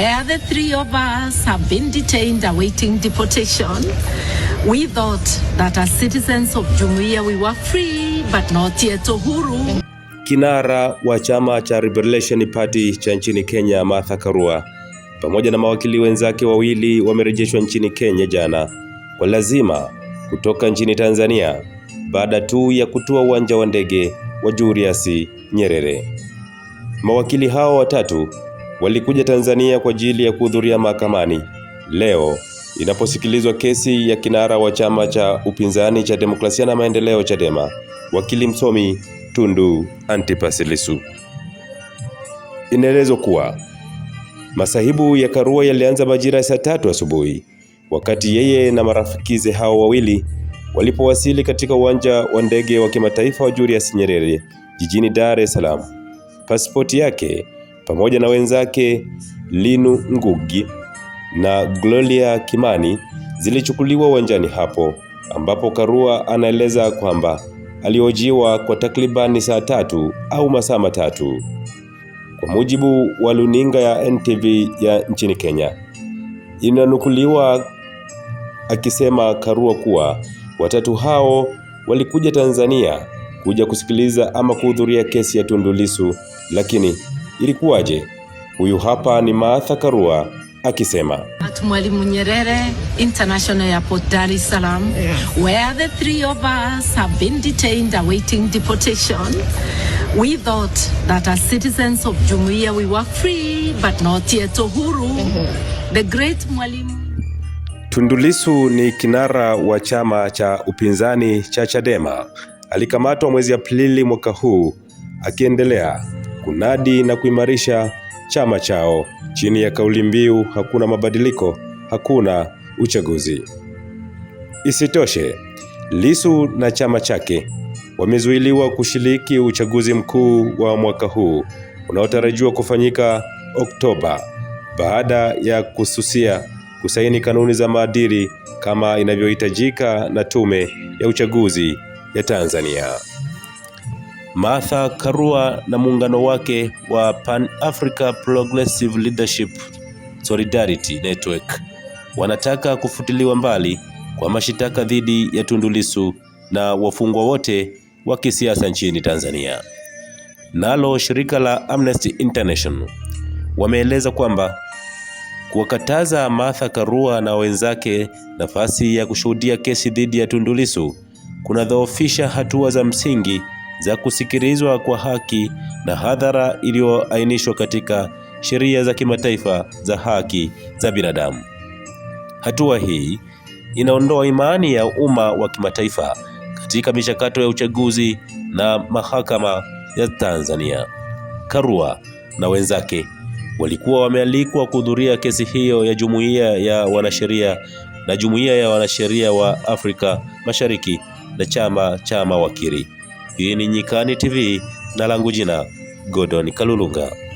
where the three of us have been detained awaiting deportation. We thought that as citizens of Jumuiya we were free but not yet uhuru. Kinara wa chama cha Liberation Party cha nchini Kenya Martha Karua pamoja na mawakili wenzake wawili wamerejeshwa nchini Kenya jana kwa lazima kutoka nchini Tanzania baada tu ya kutua uwanja wa ndege wa Julius Nyerere. Mawakili hao watatu walikuja Tanzania kwa ajili ya kuhudhuria mahakamani leo inaposikilizwa kesi ya kinara wa chama cha upinzani cha demokrasia na maendeleo Chadema, wakili msomi Tundu Antipas Lissu. Inaelezwa kuwa masahibu ya Karua yalianza majira ya saa tatu asubuhi wakati yeye na marafikize hao wawili walipowasili katika uwanja wa ndege wa kimataifa wa Julius Nyerere jijini Dar es Salaam. Pasipoti yake pamoja na wenzake Linu Ngugi na Gloria Kimani zilichukuliwa uwanjani hapo ambapo Karua anaeleza kwamba alihojiwa kwa takribani saa tatu au masaa matatu kwa mujibu wa luninga ya NTV ya nchini Kenya. Inanukuliwa akisema Karua kuwa watatu hao walikuja Tanzania kuja kusikiliza ama kuhudhuria kesi ya Tundu Lissu lakini Ilikuwaje? Huyu hapa ni Martha Karua akisema at Mwalimu Nyerere International Airport, Dar es Salaam yeah. where the three of us have been detained awaiting deportation we thought that as citizens of Jumuiya we were free but not yet uhuru mm -hmm. the great Mwalimu Tundulisu ni kinara wa chama cha upinzani cha Chadema alikamatwa mwezi Aprili mwaka huu akiendelea kunadi na kuimarisha chama chao chini ya kauli mbiu hakuna mabadiliko, hakuna uchaguzi. Isitoshe, lisu na chama chake wamezuiliwa kushiriki uchaguzi mkuu wa mwaka huu unaotarajiwa kufanyika Oktoba baada ya kususia kusaini kanuni za maadili kama inavyohitajika na Tume ya Uchaguzi ya Tanzania. Martha Karua na muungano wake wa Pan Africa Progressive Leadership Solidarity Network wanataka kufutiliwa mbali kwa mashitaka dhidi ya Tundu Lissu na wafungwa wote wa kisiasa nchini Tanzania. Nalo shirika la Amnesty International wameeleza kwamba kuwakataza Martha Karua na wenzake nafasi ya kushuhudia kesi dhidi ya Tundu Lissu kunadhoofisha hatua za msingi za kusikilizwa kwa haki na hadhara iliyoainishwa katika sheria za kimataifa za haki za binadamu. Hatua hii inaondoa imani ya umma wa kimataifa katika michakato ya uchaguzi na mahakama ya Tanzania. Karua na wenzake walikuwa wamealikwa kuhudhuria kesi hiyo ya jumuiya ya wanasheria na jumuiya ya wanasheria wa Afrika Mashariki na chama cha mawakili. Hii ni Nyikani TV na langu jina Godon Kalulunga.